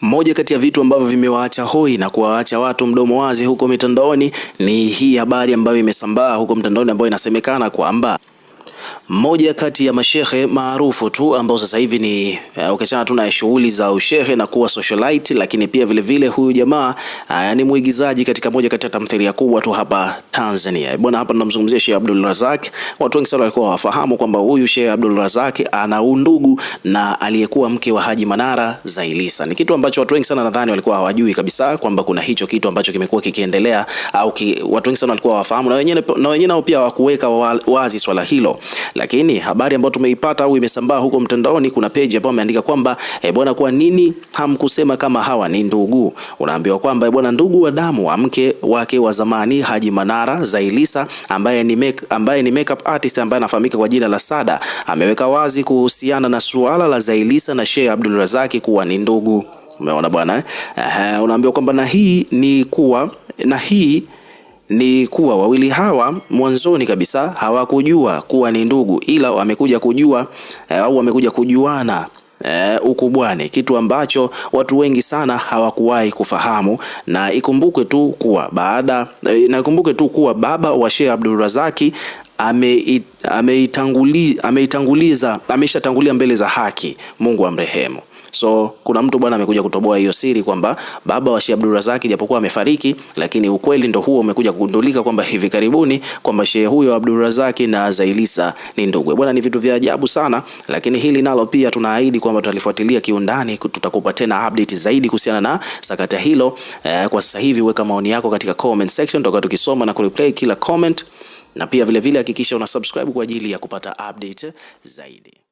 Moja kati ya vitu ambavyo vimewaacha hoi na kuwaacha watu mdomo wazi huko mitandaoni ni hii habari ambayo imesambaa huko mtandaoni ambayo inasemekana kwamba mmoja kati ya mashehe maarufu tu ambao sasa hivi ni uh, ukiachana tu na shughuli za ushehe na kuwa socialite, lakini pia vile vile huyu jamaa uh, ni mwigizaji katika moja kati ya tamthilia kubwa tu hapa Tanzania. Bwana, hapa tunamzungumzia Sheikh Abdul Razak. Watu wengi sana walikuwa wafahamu kwamba huyu Sheikh Abdul Razak ana undugu na aliyekuwa mke wa Haji Manara Zailisa. Ni kitu ambacho watu wengi sana nadhani walikuwa hawajui kabisa kwamba kuna hicho kitu ambacho kimekuwa kikiendelea au ki, watu wengi sana walikuwa wafahamu na wenyewe na wenyewe nao pia hawakuweka wazi swala hilo lakini habari ambayo tumeipata au imesambaa huko mtandaoni, kuna page ambayo ameandika kwamba e, bwana, kwa nini hamkusema kama hawa ni ndugu? Unaambiwa kwamba e, bwana, ndugu wa damu wa mke wake wa zamani Haji Manara Zailisa, ambaye ni make, ambaye ni makeup artist ambaye anafahamika kwa jina la Sada, ameweka wazi kuhusiana na suala la Zailisa na Sheikh Abdul Razak kuwa ni ndugu. Umeona bwana eh? Unaambiwa kwamba na hii ni kuwa na hii ni kuwa wawili hawa mwanzoni kabisa hawakujua kuwa ni ndugu, ila wamekuja kujua eh, au wamekuja kujuana e, ukubwani, kitu ambacho watu wengi sana hawakuwahi kufahamu. Na ikumbuke tu kuwa baada eh, na ikumbuke tu kuwa baba wa Sheikh Abdulrazaki ameitanguliza ame ameshatangulia mbele za haki. Mungu amrehemu. So kuna mtu bwana amekuja kutoboa hiyo siri kwamba baba wa Sheikh Abdulrazak japokuwa amefariki, lakini ukweli ndo huo umekuja kugundulika kwamba hivi karibuni kwamba Sheikh huyo Abdulrazak na Zailisa ni ndugu. Bwana, ni vitu vya ajabu sana, lakini hili nalo pia tunaahidi kwamba tutalifuatilia kiundani, tutakupa tena update zaidi kuhusiana na sakata hilo. Eh, kwa sasa hivi weka maoni yako katika comment section, tutakuwa tukisoma na kureply kila comment, na pia vile vile hakikisha una subscribe kwa ajili ya kupata update zaidi.